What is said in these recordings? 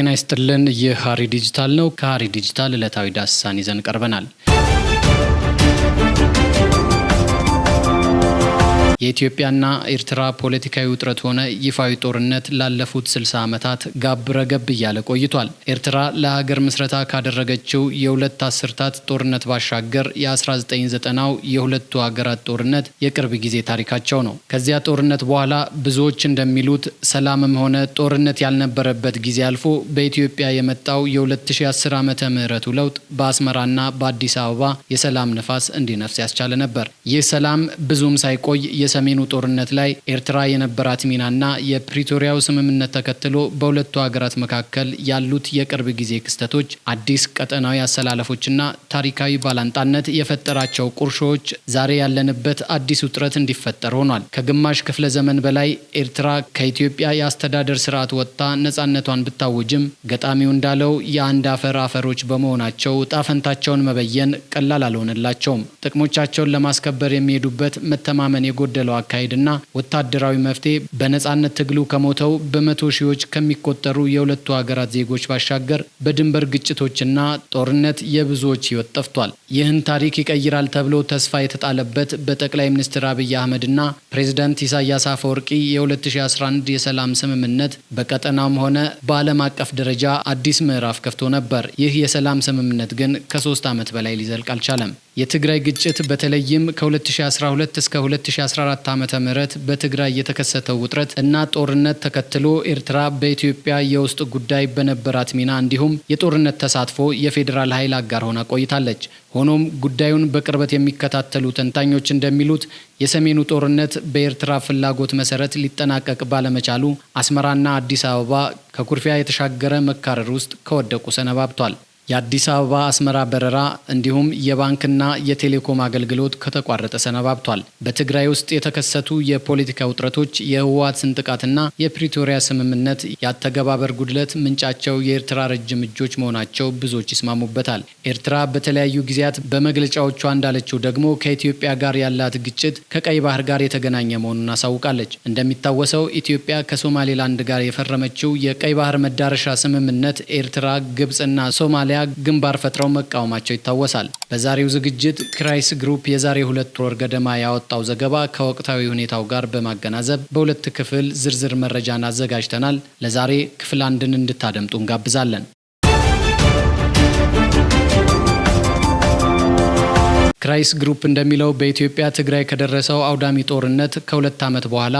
ጤና ይስጥልን። ይህ ሀሪ ዲጂታል ነው። ከሀሪ ዲጂታል ዕለታዊ ዳሰሳን ይዘን ቀርበናል። የኢትዮጵያና ኤርትራ ፖለቲካዊ ውጥረት ሆነ ይፋዊ ጦርነት ላለፉት 60 ዓመታት ጋብ ረገብ እያለ ቆይቷል። ኤርትራ ለሀገር ምስረታ ካደረገችው የሁለት አስርታት ጦርነት ባሻገር የ1990ው የሁለቱ ሀገራት ጦርነት የቅርብ ጊዜ ታሪካቸው ነው። ከዚያ ጦርነት በኋላ ብዙዎች እንደሚሉት ሰላምም ሆነ ጦርነት ያልነበረበት ጊዜ አልፎ በኢትዮጵያ የመጣው የ2010 ዓመተ ምህረቱ ለውጥ በአስመራና በአዲስ አበባ የሰላም ነፋስ እንዲነፍስ ያስቻለ ነበር። ይህ ሰላም ብዙም ሳይቆይ የሰሜኑ ጦርነት ላይ ኤርትራ የነበራት ሚናና የፕሪቶሪያው ስምምነት ተከትሎ በሁለቱ ሀገራት መካከል ያሉት የቅርብ ጊዜ ክስተቶች አዲስ ቀጠናዊ አሰላለፎችና ታሪካዊ ባላንጣነት የፈጠራቸው ቁርሾዎች ዛሬ ያለንበት አዲስ ውጥረት እንዲፈጠር ሆኗል። ከግማሽ ክፍለ ዘመን በላይ ኤርትራ ከኢትዮጵያ የአስተዳደር ስርዓት ወጥታ ነፃነቷን ብታወጅም ገጣሚው እንዳለው የአንድ አፈር አፈሮች በመሆናቸው ጣፈንታቸውን ፈንታቸውን መበየን ቀላል አልሆነላቸውም። ጥቅሞቻቸውን ለማስከበር የሚሄዱበት መተማመን የጎደ በጎደለው አካሄድና ወታደራዊ መፍትሄ በነጻነት ትግሉ ከሞተው በመቶ ሺዎች ከሚቆጠሩ የሁለቱ ሀገራት ዜጎች ባሻገር በድንበር ግጭቶችና ጦርነት የብዙዎች ህይወት ጠፍቷል። ይህን ታሪክ ይቀይራል ተብሎ ተስፋ የተጣለበት በጠቅላይ ሚኒስትር አብይ አህመድና ፕሬዚዳንት ኢሳያስ አፈወርቂ የ2011 የሰላም ስምምነት በቀጠናውም ሆነ በዓለም አቀፍ ደረጃ አዲስ ምዕራፍ ከፍቶ ነበር። ይህ የሰላም ስምምነት ግን ከሶስት ዓመት በላይ ሊዘልቅ አልቻለም። የትግራይ ግጭት በተለይም ከ2012 እስከ 2014 2014 ዓመተ ምህረት በትግራይ የተከሰተው ውጥረት እና ጦርነት ተከትሎ ኤርትራ በኢትዮጵያ የውስጥ ጉዳይ በነበራት ሚና እንዲሁም የጦርነት ተሳትፎ የፌዴራል ኃይል አጋር ሆና ቆይታለች። ሆኖም ጉዳዩን በቅርበት የሚከታተሉ ተንታኞች እንደሚሉት የሰሜኑ ጦርነት በኤርትራ ፍላጎት መሰረት ሊጠናቀቅ ባለመቻሉ አስመራና አዲስ አበባ ከኩርፊያ የተሻገረ መካረር ውስጥ ከወደቁ ሰነባብቷል። የአዲስ አበባ አስመራ በረራ እንዲሁም የባንክና የቴሌኮም አገልግሎት ከተቋረጠ ሰነባብቷል። በትግራይ ውስጥ የተከሰቱ የፖለቲካ ውጥረቶች፣ የህወሓት ስንጥቃትና የፕሪቶሪያ ስምምነት የአተገባበር ጉድለት ምንጫቸው የኤርትራ ረጅም እጆች መሆናቸው ብዙዎች ይስማሙበታል። ኤርትራ በተለያዩ ጊዜያት በመግለጫዎቿ እንዳለችው ደግሞ ከኢትዮጵያ ጋር ያላት ግጭት ከቀይ ባህር ጋር የተገናኘ መሆኑን አሳውቃለች። እንደሚታወሰው ኢትዮጵያ ከሶማሌላንድ ጋር የፈረመችው የቀይ ባህር መዳረሻ ስምምነት ኤርትራ፣ ግብፅና ሶማሊያ መመሪያ ግንባር ፈጥረው መቃወማቸው ይታወሳል። በዛሬው ዝግጅት ክራይስ ግሩፕ የዛሬ ሁለት ወር ገደማ ያወጣው ዘገባ ከወቅታዊ ሁኔታው ጋር በማገናዘብ በሁለት ክፍል ዝርዝር መረጃን አዘጋጅተናል። ለዛሬ ክፍል አንድን እንድታደምጡ እንጋብዛለን። ክራይስ ግሩፕ እንደሚለው በኢትዮጵያ ትግራይ ከደረሰው አውዳሚ ጦርነት ከሁለት ዓመት በኋላ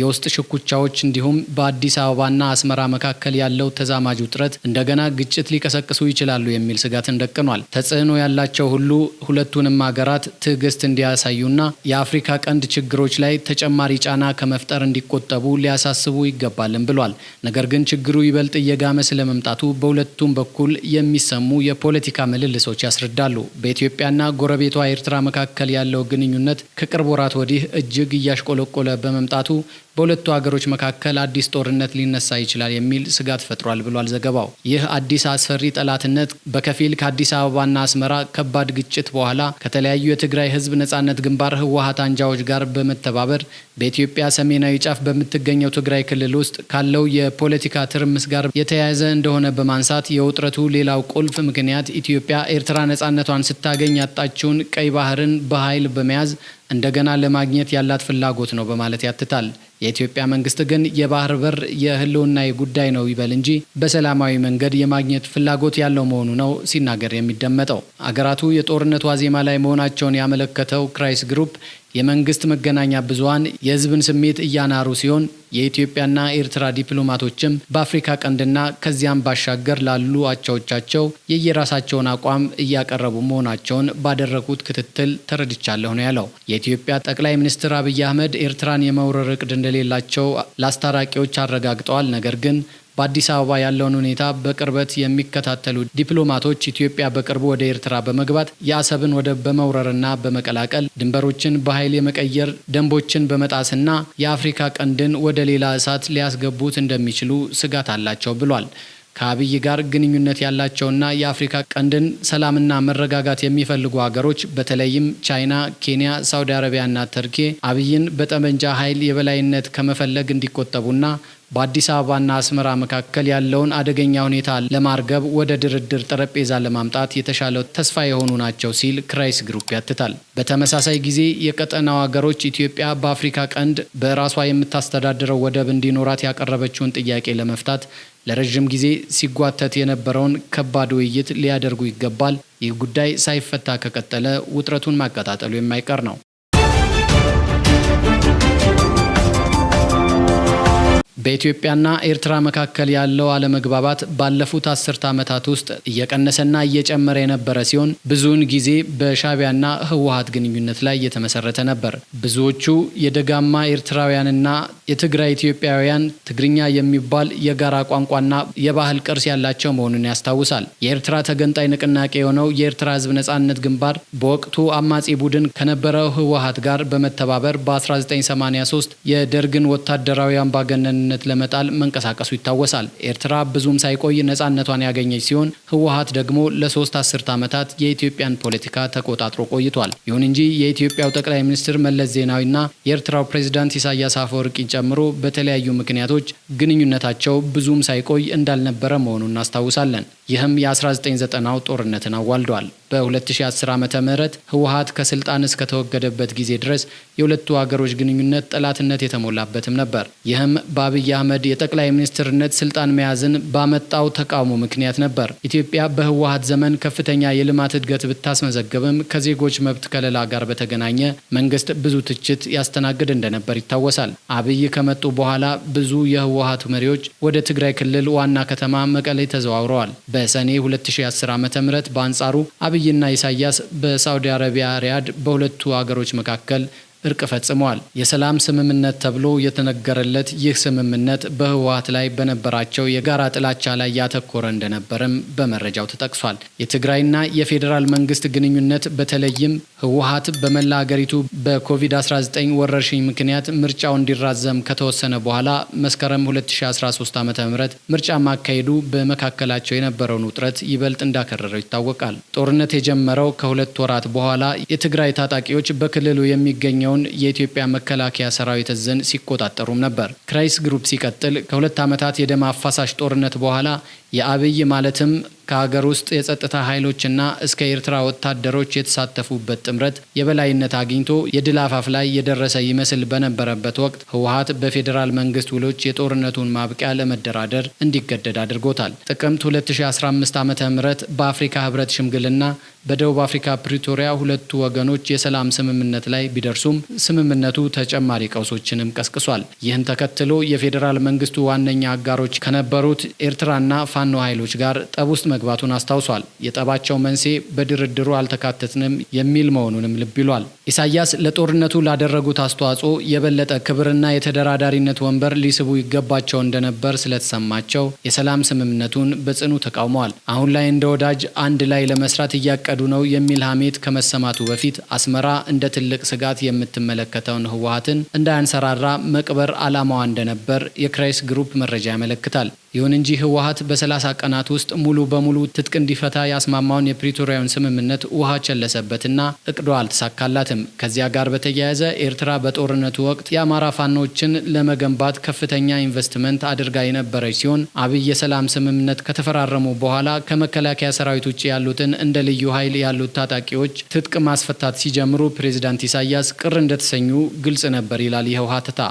የውስጥ ሽኩቻዎች እንዲሁም በአዲስ አበባና አስመራ መካከል ያለው ተዛማጅ ውጥረት እንደገና ግጭት ሊቀሰቅሱ ይችላሉ የሚል ስጋትን ደቅኗል። ተጽዕኖ ያላቸው ሁሉ ሁለቱንም ሀገራት ትዕግስት እንዲያሳዩና የአፍሪካ ቀንድ ችግሮች ላይ ተጨማሪ ጫና ከመፍጠር እንዲቆጠቡ ሊያሳስቡ ይገባልን ብሏል። ነገር ግን ችግሩ ይበልጥ እየጋመ ስለመምጣቱ በሁለቱም በኩል የሚሰሙ የፖለቲካ ምልልሶች ያስረዳሉ። በኢትዮጵያና ጎረቤቷ ኤርትራ መካከል ያለው ግንኙነት ከቅርብ ወራት ወዲህ እጅግ እያሽቆለቆለ በመምጣቱ በሁለቱ ሀገሮች መካከል አዲስ ጦርነት ሊነሳ ይችላል የሚል ስጋት ፈጥሯል ብሏል ዘገባው። ይህ አዲስ አስፈሪ ጠላትነት በከፊል ከአዲስ አበባና አስመራ ከባድ ግጭት በኋላ ከተለያዩ የትግራይ ህዝብ ነጻነት ግንባር ህወሀት አንጃዎች ጋር በመተባበር በኢትዮጵያ ሰሜናዊ ጫፍ በምትገኘው ትግራይ ክልል ውስጥ ካለው የፖለቲካ ትርምስ ጋር የተያያዘ እንደሆነ በማንሳት የውጥረቱ ሌላው ቁልፍ ምክንያት ኢትዮጵያ ኤርትራ ነጻነቷን ስታገኝ ያጣችውን ቀይ ባህርን በኃይል በመያዝ እንደገና ለማግኘት ያላት ፍላጎት ነው በማለት ያትታል። የኢትዮጵያ መንግስት ግን የባህር በር የህልውና ጉዳይ ነው ይበል እንጂ በሰላማዊ መንገድ የማግኘት ፍላጎት ያለው መሆኑ ነው ሲናገር የሚደመጠው። አገራቱ የጦርነት ዋዜማ ላይ መሆናቸውን ያመለከተው ክራይስ ግሩፕ የመንግስት መገናኛ ብዙሃን የህዝብን ስሜት እያናሩ ሲሆን የኢትዮጵያና ኤርትራ ዲፕሎማቶችም በአፍሪካ ቀንድና ከዚያም ባሻገር ላሉ አቻዎቻቸው የየራሳቸውን አቋም እያቀረቡ መሆናቸውን ባደረጉት ክትትል ተረድቻለሁ ነው ያለው። የኢትዮጵያ ጠቅላይ ሚኒስትር አብይ አህመድ ኤርትራን የመውረር እቅድ እንደሌላቸው ለአስታራቂዎች አረጋግጠዋል። ነገር ግን በአዲስ አበባ ያለውን ሁኔታ በቅርበት የሚከታተሉ ዲፕሎማቶች ኢትዮጵያ በቅርቡ ወደ ኤርትራ በመግባት የአሰብን ወደብ በመውረርና በመቀላቀል ድንበሮችን በኃይል የመቀየር ደንቦችን በመጣስና የአፍሪካ ቀንድን ወደ ሌላ እሳት ሊያስገቡት እንደሚችሉ ስጋት አላቸው ብሏል። ከአብይ ጋር ግንኙነት ያላቸውና የአፍሪካ ቀንድን ሰላምና መረጋጋት የሚፈልጉ ሀገሮች በተለይም ቻይና፣ ኬንያ፣ ሳውዲ አረቢያና ተርኬ አብይን በጠመንጃ ኃይል የበላይነት ከመፈለግ እንዲቆጠቡና በአዲስ አበባና አስመራ መካከል ያለውን አደገኛ ሁኔታ ለማርገብ ወደ ድርድር ጠረጴዛ ለማምጣት የተሻለው ተስፋ የሆኑ ናቸው ሲል ክራይስ ግሩፕ ያትታል። በተመሳሳይ ጊዜ የቀጠናው ሀገሮች ኢትዮጵያ በአፍሪካ ቀንድ በራሷ የምታስተዳድረው ወደብ እንዲኖራት ያቀረበችውን ጥያቄ ለመፍታት ለረዥም ጊዜ ሲጓተት የነበረውን ከባድ ውይይት ሊያደርጉ ይገባል። ይህ ጉዳይ ሳይፈታ ከቀጠለ ውጥረቱን ማቀጣጠሉ የማይቀር ነው። በኢትዮጵያና ኤርትራ መካከል ያለው አለመግባባት ባለፉት አስርተ ዓመታት ውስጥ እየቀነሰና እየጨመረ የነበረ ሲሆን ብዙውን ጊዜ በሻቢያና ህወሀት ግንኙነት ላይ የተመሰረተ ነበር። ብዙዎቹ የደጋማ ኤርትራውያንና የትግራይ ኢትዮጵያውያን ትግርኛ የሚባል የጋራ ቋንቋና የባህል ቅርስ ያላቸው መሆኑን ያስታውሳል። የኤርትራ ተገንጣይ ንቅናቄ የሆነው የኤርትራ ህዝብ ነጻነት ግንባር በወቅቱ አማጺ ቡድን ከነበረው ህወሀት ጋር በመተባበር በ1983 የደርግን ወታደራዊ አምባገነን በአምባገነንነት ለመጣል መንቀሳቀሱ ይታወሳል። ኤርትራ ብዙም ሳይቆይ ነፃነቷን ያገኘች ሲሆን ህወሀት ደግሞ ለሶስት አስርት ዓመታት የኢትዮጵያን ፖለቲካ ተቆጣጥሮ ቆይቷል። ይሁን እንጂ የኢትዮጵያው ጠቅላይ ሚኒስትር መለስ ዜናዊና የኤርትራው ፕሬዚዳንት ኢሳያስ አፈወርቂን ጨምሮ በተለያዩ ምክንያቶች ግንኙነታቸው ብዙም ሳይቆይ እንዳልነበረ መሆኑን እናስታውሳለን። ይህም የ1990ው ጦርነትን አዋልዷል። በ2010 ዓ ም ህወሀት ከስልጣን እስከተወገደበት ጊዜ ድረስ የሁለቱ ሀገሮች ግንኙነት ጠላትነት የተሞላበትም ነበር። ይህም በአብይ አህመድ የጠቅላይ ሚኒስትርነት ስልጣን መያዝን ባመጣው ተቃውሞ ምክንያት ነበር። ኢትዮጵያ በህወሀት ዘመን ከፍተኛ የልማት እድገት ብታስመዘግብም ከዜጎች መብት ከለላ ጋር በተገናኘ መንግስት ብዙ ትችት ያስተናግድ እንደነበር ይታወሳል። አብይ ከመጡ በኋላ ብዙ የህወሀቱ መሪዎች ወደ ትግራይ ክልል ዋና ከተማ መቀሌ ተዘዋውረዋል። በሰኔ 2010 ዓ ም በአንጻሩ አብይ አብይና ኢሳያስ በሳውዲ አረቢያ ሪያድ በሁለቱ አገሮች መካከል እርቅ ፈጽመዋል። የሰላም ስምምነት ተብሎ የተነገረለት ይህ ስምምነት በህወሀት ላይ በነበራቸው የጋራ ጥላቻ ላይ ያተኮረ እንደነበረም በመረጃው ተጠቅሷል። የትግራይና የፌዴራል መንግስት ግንኙነት በተለይም ህወሀት በመላ አገሪቱ በኮቪድ-19 ወረርሽኝ ምክንያት ምርጫው እንዲራዘም ከተወሰነ በኋላ መስከረም 2013 ዓ ም ምርጫ ማካሄዱ በመካከላቸው የነበረውን ውጥረት ይበልጥ እንዳከረረው ይታወቃል። ጦርነት የጀመረው ከሁለት ወራት በኋላ የትግራይ ታጣቂዎች በክልሉ የሚገኘው የሚገኘውን የኢትዮጵያ መከላከያ ሰራዊት እዝን ሲቆጣጠሩም ነበር። ክራይስ ግሩፕ ሲቀጥል ከሁለት ዓመታት የደም አፋሳሽ ጦርነት በኋላ የአብይ ማለትም ከሀገር ውስጥ የጸጥታ ኃይሎችና እስከ ኤርትራ ወታደሮች የተሳተፉበት ጥምረት የበላይነት አግኝቶ የድል አፋፍ ላይ የደረሰ ይመስል በነበረበት ወቅት ህወሀት በፌዴራል መንግስት ውሎች የጦርነቱን ማብቂያ ለመደራደር እንዲገደድ አድርጎታል። ጥቅምት 2015 ዓ ም በአፍሪካ ህብረት ሽምግልና በደቡብ አፍሪካ ፕሪቶሪያ ሁለቱ ወገኖች የሰላም ስምምነት ላይ ቢደርሱም ስምምነቱ ተጨማሪ ቀውሶችንም ቀስቅሷል። ይህን ተከትሎ የፌዴራል መንግስቱ ዋነኛ አጋሮች ከነበሩት ኤርትራና ከፋኖ ኃይሎች ጋር ጠብ ውስጥ መግባቱን አስታውሷል። የጠባቸው መንስኤ በድርድሩ አልተካተትንም የሚል መሆኑንም ልብ ይሏል። ኢሳያስ ለጦርነቱ ላደረጉት አስተዋጽኦ የበለጠ ክብርና የተደራዳሪነት ወንበር ሊስቡ ይገባቸው እንደነበር ስለተሰማቸው የሰላም ስምምነቱን በጽኑ ተቃውመዋል። አሁን ላይ እንደ ወዳጅ አንድ ላይ ለመስራት እያቀዱ ነው የሚል ሀሜት ከመሰማቱ በፊት አስመራ እንደ ትልቅ ስጋት የምትመለከተውን ህወሀትን እንዳያንሰራራ መቅበር ዓላማዋ እንደነበር የክራይስ ግሩፕ መረጃ ያመለክታል። ይሁን እንጂ ህወሀት በሰላሳ ቀናት ውስጥ ሙሉ በሙሉ ትጥቅ እንዲፈታ ያስማማውን የፕሪቶሪያውን ስምምነት ውሃ ቸለሰበትና እቅዷ አልተሳካላትም። ከዚያ ጋር በተያያዘ ኤርትራ በጦርነቱ ወቅት የአማራ ፋኖችን ለመገንባት ከፍተኛ ኢንቨስትመንት አድርጋ የነበረች ሲሆን አብይ የሰላም ስምምነት ከተፈራረሙ በኋላ ከመከላከያ ሰራዊት ውጭ ያሉትን እንደ ልዩ ኃይል ያሉት ታጣቂዎች ትጥቅ ማስፈታት ሲጀምሩ ፕሬዚዳንት ኢሳያስ ቅር እንደተሰኙ ግልጽ ነበር ይላል ትታ።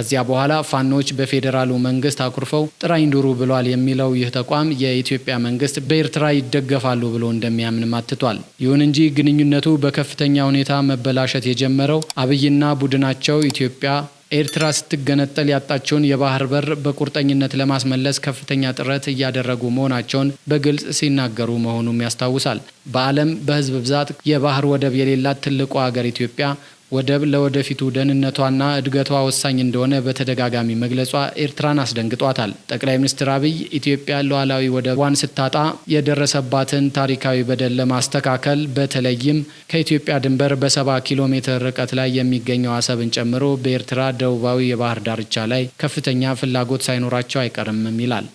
ከዚያ በኋላ ፋኖች በፌዴራሉ መንግስት አኩርፈው ጥራኝ ዱሩ ብሏል የሚለው ይህ ተቋም የኢትዮጵያ መንግስት በኤርትራ ይደገፋሉ ብሎ እንደሚያምንም አትቷል። ይሁን እንጂ ግንኙነቱ በከፍተኛ ሁኔታ መበላሸት የጀመረው አብይና ቡድናቸው ኢትዮጵያ ኤርትራ ስትገነጠል ያጣቸውን የባህር በር በቁርጠኝነት ለማስመለስ ከፍተኛ ጥረት እያደረጉ መሆናቸውን በግልጽ ሲናገሩ መሆኑም ያስታውሳል። በዓለም በህዝብ ብዛት የባህር ወደብ የሌላት ትልቁ ሀገር ኢትዮጵያ ወደብ ለወደፊቱ ደህንነቷና እድገቷ ወሳኝ እንደሆነ በተደጋጋሚ መግለጿ ኤርትራን አስደንግጧታል። ጠቅላይ ሚኒስትር አብይ ኢትዮጵያ ሉዓላዊ ወደቧን ስታጣ የደረሰባትን ታሪካዊ በደል ለማስተካከል በተለይም ከኢትዮጵያ ድንበር በሰባ ኪሎ ሜትር ርቀት ላይ የሚገኘው አሰብን ጨምሮ በኤርትራ ደቡባዊ የባህር ዳርቻ ላይ ከፍተኛ ፍላጎት ሳይኖራቸው አይቀርምም ይላል።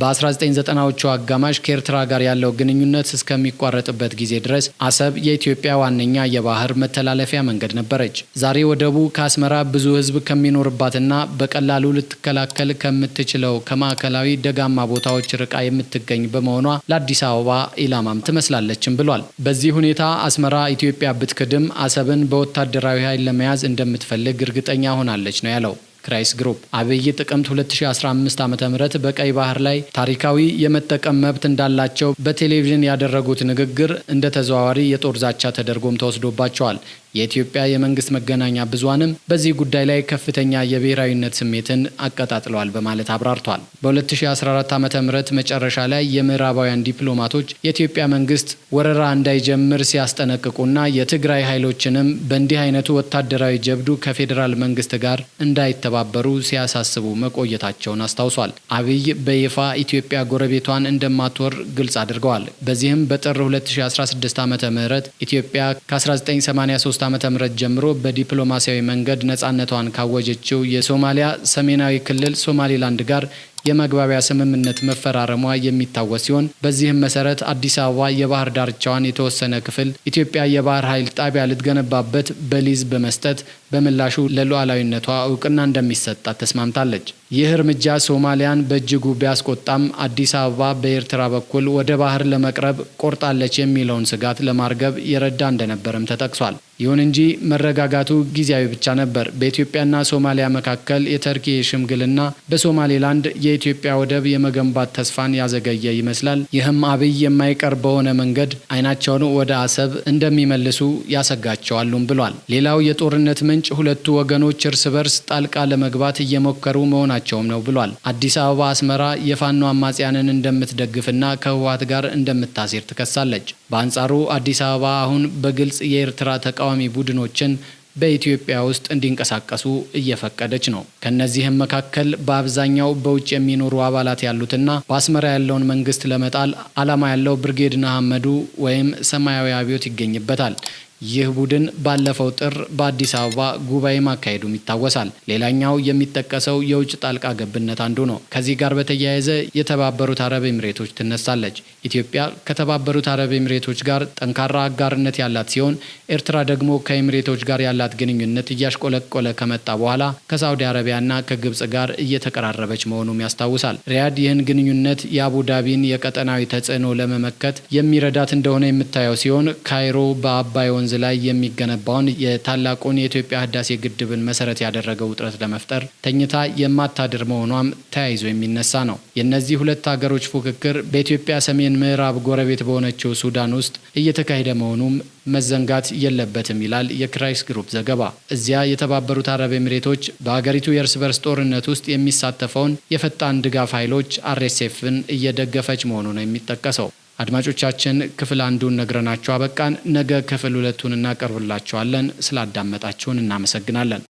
በ1990ዎቹ አጋማሽ ከኤርትራ ጋር ያለው ግንኙነት እስከሚቋረጥበት ጊዜ ድረስ አሰብ የኢትዮጵያ ዋነኛ የባህር መተላለፊያ መንገድ ነበረች። ዛሬ ወደቡ ከአስመራ ብዙ ሕዝብ ከሚኖርባትና በቀላሉ ልትከላከል ከምትችለው ከማዕከላዊ ደጋማ ቦታዎች ርቃ የምትገኝ በመሆኗ ለአዲስ አበባ ኢላማም ትመስላለችም ብሏል። በዚህ ሁኔታ አስመራ ኢትዮጵያ ብትክድም አሰብን በወታደራዊ ኃይል ለመያዝ እንደምትፈልግ እርግጠኛ ሆናለች ነው ያለው። ክራይስ ግሩፕ አብይ ጥቅምት 2015 ዓ ም በቀይ ባህር ላይ ታሪካዊ የመጠቀም መብት እንዳላቸው በቴሌቪዥን ያደረጉት ንግግር እንደ ተዘዋዋሪ የጦር ዛቻ ተደርጎም ተወስዶባቸዋል። የኢትዮጵያ የመንግስት መገናኛ ብዙሃንም በዚህ ጉዳይ ላይ ከፍተኛ የብሔራዊነት ስሜትን አቀጣጥለዋል በማለት አብራርቷል። በ2014 ዓ ም መጨረሻ ላይ የምዕራባውያን ዲፕሎማቶች የኢትዮጵያ መንግስት ወረራ እንዳይጀምር ሲያስጠነቅቁና የትግራይ ኃይሎችንም በእንዲህ አይነቱ ወታደራዊ ጀብዱ ከፌዴራል መንግስት ጋር እንዳይተባበሩ ሲያሳስቡ መቆየታቸውን አስታውሷል። አብይ በይፋ ኢትዮጵያ ጎረቤቷን እንደማትወር ግልጽ አድርገዋል። በዚህም በጥር 2016 ዓ ም ኢትዮጵያ ከ1983 ዓ ም ጀምሮ በዲፕሎማሲያዊ መንገድ ነፃነቷን ካወጀችው የሶማሊያ ሰሜናዊ ክልል ሶማሊላንድ ጋር የመግባቢያ ስምምነት መፈራረሟ የሚታወስ ሲሆን በዚህም መሰረት አዲስ አበባ የባህር ዳርቻዋን የተወሰነ ክፍል ኢትዮጵያ የባህር ኃይል ጣቢያ ልትገነባበት በሊዝ በመስጠት በምላሹ ለሉዓላዊነቷ እውቅና እንደሚሰጣት ተስማምታለች። ይህ እርምጃ ሶማሊያን በእጅጉ ቢያስቆጣም አዲስ አበባ በኤርትራ በኩል ወደ ባህር ለመቅረብ ቆርጣለች የሚለውን ስጋት ለማርገብ የረዳ እንደነበርም ተጠቅሷል። ይሁን እንጂ መረጋጋቱ ጊዜያዊ ብቻ ነበር። በኢትዮጵያና ሶማሊያ መካከል የተርኪ ሽምግልና በሶማሌላንድ የኢትዮጵያ ወደብ የመገንባት ተስፋን ያዘገየ ይመስላል። ይህም አብይ የማይቀር በሆነ መንገድ አይናቸውን ወደ አሰብ እንደሚመልሱ ያሰጋቸዋሉም ብሏል። ሌላው የጦርነት ምን ምንጭ ሁለቱ ወገኖች እርስ በርስ ጣልቃ ለመግባት እየሞከሩ መሆናቸውም ነው ብሏል። አዲስ አበባ አስመራ የፋኖ አማጽያንን እንደምትደግፍና ከህወሓት ጋር እንደምታሴር ትከሳለች። በአንጻሩ አዲስ አበባ አሁን በግልጽ የኤርትራ ተቃዋሚ ቡድኖችን በኢትዮጵያ ውስጥ እንዲንቀሳቀሱ እየፈቀደች ነው። ከእነዚህም መካከል በአብዛኛው በውጭ የሚኖሩ አባላት ያሉትና በአስመራ ያለውን መንግስት ለመጣል ዓላማ ያለው ብርጌድ ንሓመዱ ወይም ሰማያዊ አብዮት ይገኝበታል። ይህ ቡድን ባለፈው ጥር በአዲስ አበባ ጉባኤ ማካሄዱም ይታወሳል። ሌላኛው የሚጠቀሰው የውጭ ጣልቃ ገብነት አንዱ ነው። ከዚህ ጋር በተያያዘ የተባበሩት አረብ ኤምሬቶች ትነሳለች። ኢትዮጵያ ከተባበሩት አረብ ኤምሬቶች ጋር ጠንካራ አጋርነት ያላት ሲሆን ኤርትራ ደግሞ ከኤምሬቶች ጋር ያላት ግንኙነት እያሽቆለቆለ ከመጣ በኋላ ከሳውዲ አረቢያና ከግብጽ ጋር እየተቀራረበች መሆኑም ያስታውሳል። ሪያድ ይህን ግንኙነት የአቡዳቢን የቀጠናዊ ተጽዕኖ ለመመከት የሚረዳት እንደሆነ የምታየው ሲሆን ካይሮ በአባይ ወንዝ ወንዝ ላይ የሚገነባውን የታላቁን የኢትዮጵያ ህዳሴ ግድብን መሰረት ያደረገ ውጥረት ለመፍጠር ተኝታ የማታድር መሆኗም ተያይዞ የሚነሳ ነው። የእነዚህ ሁለት ሀገሮች ፉክክር በኢትዮጵያ ሰሜን ምዕራብ ጎረቤት በሆነችው ሱዳን ውስጥ እየተካሄደ መሆኑም መዘንጋት የለበትም ይላል የክራይስ ግሩፕ ዘገባ። እዚያ የተባበሩት አረብ ኤምሬቶች በሀገሪቱ የእርስ በርስ ጦርነት ውስጥ የሚሳተፈውን የፈጣን ድጋፍ ኃይሎች አርኤስኤፍን እየደገፈች መሆኑ ነው የሚጠቀሰው። አድማጮቻችን ክፍል አንዱን ነግረናቸው አበቃን። ነገ ክፍል ሁለቱን እናቀርብላቸዋለን ስላዳመጣችሁን እናመሰግናለን።